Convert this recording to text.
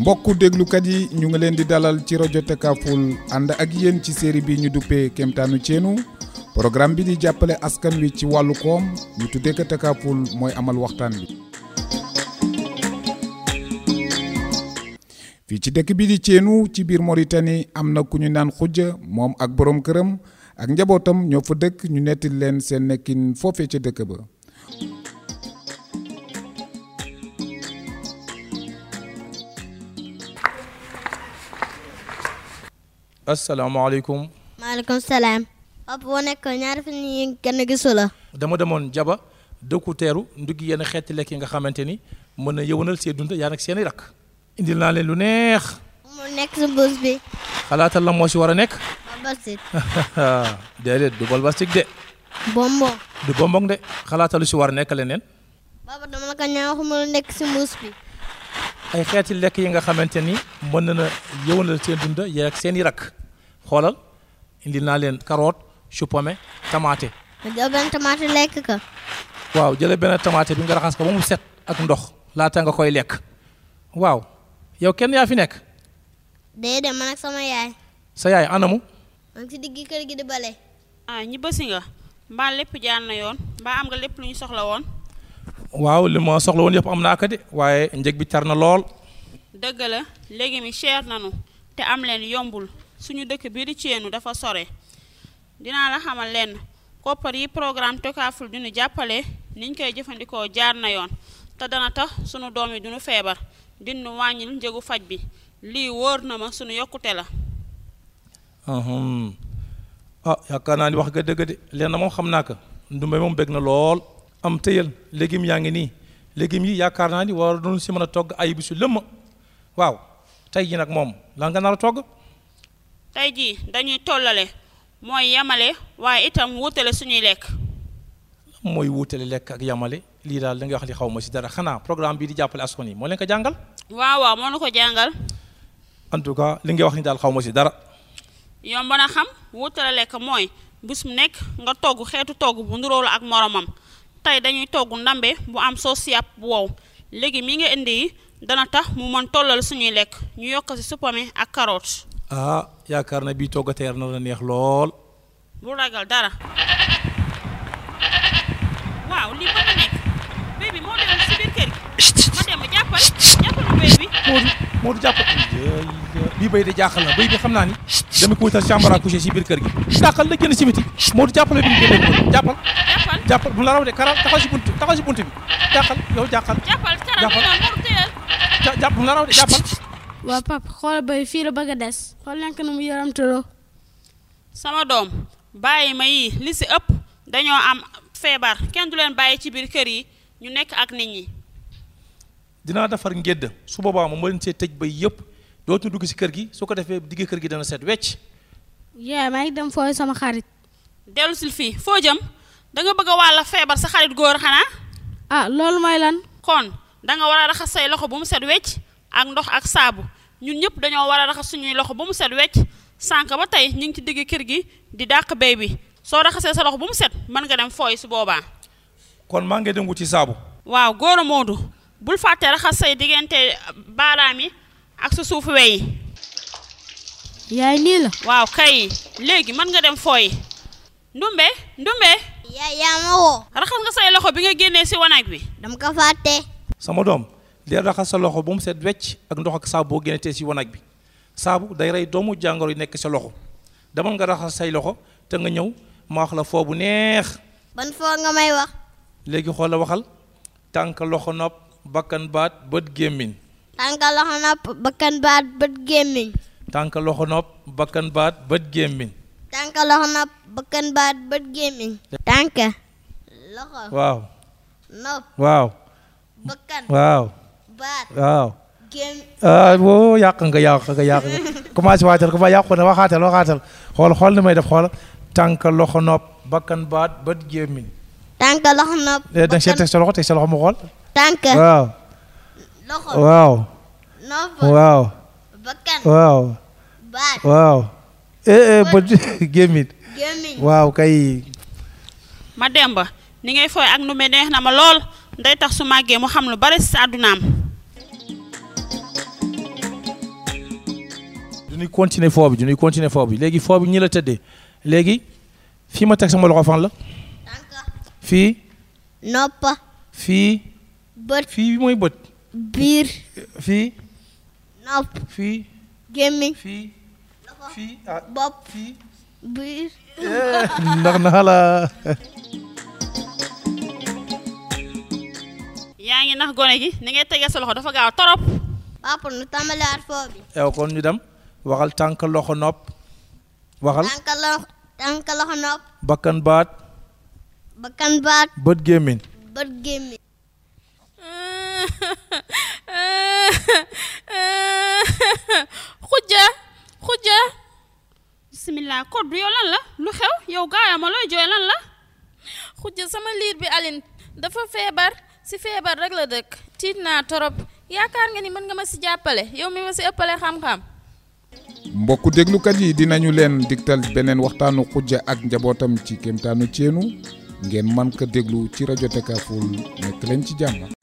mbokk déglukat yi ñu ngi leen di dalal ci rajo Takaful ànd ak yéen ci série bi ñu duppee kemtaanu ceenu programme bi di jàppale askan wi ci wàllu koom ñu tuddee ko Takaful mooy amal waxtaan bi. fii ci dëkk bi di ceenu ci biir Mauritanie am na ku ñu naan xujja moom ak boroom këram ak njabootam ñoo fa dëkk ñu nettit leen seen nekkin foofee ca dëkk ba. asalaamaaleykum. maaleykum salaam. op boo nekk ñaari fan yi dama demoon jaba dëkku teeru ndugg yenn xeeti lekk yi nga xamante ni mën na yëwanal see seen i rakk. indil naa leen lu neex. la moo si war a nekk. balbastik. déedéet du balbastik de. du bonbon de xalaatal si war a nekk leneen. baba dama ko ñaan waxuma lu nekk si ay xeeti lekk yi nga xamante ni mën na na yëwanal seen dund yaa ak rakk. xoolal indi naa leen karoot chou pomme tamaate. nga jël benn tamaate lekk ko. waaw jëlee benn tamaate bi nga raxas ko ba mu set ak ndox laata nga koy lekk. waaw yow kenn yaa fi nekk. déedéet man ak sama yaay. sa yaay anamu. man si digg kër gi di bale. ah ñi bësi nga. mbaa lépp jaar na yoon. mbaa am nga lépp lu ñu soxla woon. waaw li ma soxla woon yëpp am naa ko de waaye njëg bi tar na lool. dëgg la léegi mi cher nanu te am leen yombul. suñu dëkk bii di Ceenu dafa sore dinaa la xamal lenn koppar yi programme Tocaful di jàppale niñ koy jëfandikoo jaar na yoon te dana tax sunu doom yi duñu feebar dinu wàññil njëgu faj bi lii wóor na ma suñu yokkute la ah yaakaar naa ni wax nga dëgg de lenn moom xam naa ko ndumbe moom bég na lool am tëyal légumes yaa ngi nii légumes yi yaakaar naa ni war doon si mën a togg ay bisu lëmm waaw tey ji nag moom lan nga nar a togg tey jii dañuy tollale mooy yamale waaye itam wutale suñuy lekk. mooy wutale lekk ak yamale lii daal da nga wax li xaw ma si dara xanaa programme bi di jàppale askan yi moo leen ko jàngal. waaw waaw moo nu ko jàngal. en tout cas li nga wax ni daal xaw ma si dara. yomb na xam wutale lekk mooy bis mu nekk nga togg xeetu togg bu nduróolu ak moromam tey dañuy togg ndambe bu am soos yàpp wow léegi mii nga indi yi dana tax mu mën tollal suñuy lekk ñu yokk si suppame ak carotte. ah yaakaar na bii toggateer na la neex lool. bu ragal dara. waaw lii mën na nekk. béy bi moo demoon si biir kër gi. ma dem jàppal jàppalu béy bi. Moodu Moodu jàppal. lii béy de jaaxal na béy bi xam naa ni. dama ko wutal chambre à coucher si biir kër gi. dàqal la génn si biti. Moodu jàppale bi ñu génne ko jàppal. jàppal jàppal bu la raw de karal taxaw si bunt taxaw si bunt bi. jàppal yow jàppal. jàppal karal bi noonu Moodu tëyal. jàpp bu la raw de jàppal. waa pap xoolal bay fii la bëgg a des xool lenk na mu yaramtaloo sama doom bàyyi ma yi li si ëpp dañoo am feebar kenn du leen bàyyi ci biir kër yi ñu nekk ak nit ñi dinaa defar ngédd su boobaa moom ma leen see tëj bay yëpp dootuñu dugg si kër gi su ko defee digg kër gi dana set wecc yee maa ngi dem fooy sama xarit dellu sil fii foo jëm danga bëgg a wàlla feebar sa xarit góor xanaa ah loolu mooy lan kon danga war a raxas say loxo bu mu set wecc ak ndox ak saabu ñun ñëpp dañoo war a raxas suñuy loxo ba mu set wecc sànq ba tey ñu ngi ci digg kër gi di dàq béy bi soo raxasee sa loxo ba mu set mën nga dem fooy su boobaa. kon maa ngi dëngu ci saabu. waaw góor a moodu bul fàtte raxas say diggante baaraam yi ak sa suufu wey yi. yaay nii la. waaw kay léegi mën nga dem fooy. ndumbe ndumbe. yaay yaa ma woo. raxas nga say loxo bi nga génnee si wanaag bi. dama ko fàtte. sama doom. di raxas sa loxo ba mu set wecc ak ndox ak saabu boo génnee si wanag bi saabu day rey doomu jàngoro yu nekk sa loxo demal nga raxas say loxo te nga ñëw ma wax la foo bu neex. ban foo nga may wax. léegi xool la waxal tànk loxo nopp bakkan baat bët gémmiñ. tànk loxo nopp tànk loxo nopp bakkan baat bët gémmiñ. tànk loxo nopp bakkan baat bët gémmiñ. tànk loxo. waaw. nopp waaw. bakkan waaw. waaw. ah woo yàq nga yàq nga yàq nga commencé waatal ko ba waxaatal waxaatal xool xool ni may def xool tànk loxo nopp bakkan baat bët gémmiñ. tànk loxo nopp. Eh, tànk. waaw. waaw. waaw. bakkan waaw. baat eh, eh, waaw. kay. ma demba ni ngay fooy ak nu me neex na ma lool nday tax su màggee mu xam lu bari si àddunaam. duñuy continuer foo bi duñuy continuer foo bi léegi foobu bi ñi la tëddee léegi fii ma teg sama loxo fan la. fii. nopp. fii. bët fii mooy bët. biir. fii. nopp. fii. gémmiñ. fii. fii ah. bopp. fii. biir. Eh, ndax na yaa ngi nax gone gi ni ngay tegee sa loxo dafa gaaw torop. papa nu tàmbaliwaat foo bi. kon ñu dem. waxal tànk loxo nopp. loxo nopp. bakkan baat. bakkan baat. bët gémmiñ. bët gémmiñ. xujja xujja. bisimilah koddu yow lan la lu xew yow gaayama looy jooy lan la. xujja sama liir bi Aline dafa feebar si feebar rek la dëkk tiit naa torop yaakaar nga ni mën nga ma si jàppale yow mi ma si ëppale xam-xam. mbokku déglukat yi dinañu leen digtal beneen waxtaanu xujja ak njabootam ci kéemtaanu ceenu ngeen man ko déglu ci rajo Takaful nekk leen ci jàmm